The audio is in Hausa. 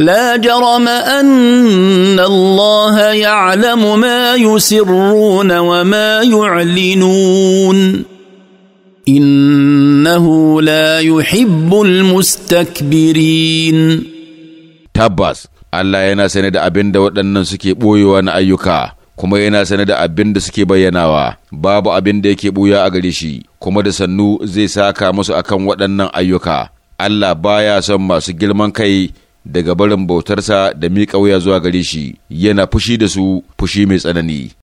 لا جرم ان الله يعلم ما يسرون وما يعلنون انه لا يحب المستكبرين tabbas Allah yana sanar da abin da waɗannan suke ɓoyewa na ayyuka kuma yana sanar da abin da suke bayyanawa babu abin da yake ɓuya a gare shi kuma da sannu zai saka musu akan waɗannan ayyuka Allah baya son masu girman kai daga barin bautarsa da miƙa wuya zuwa gare shi yana fushi da su fushi mai tsanani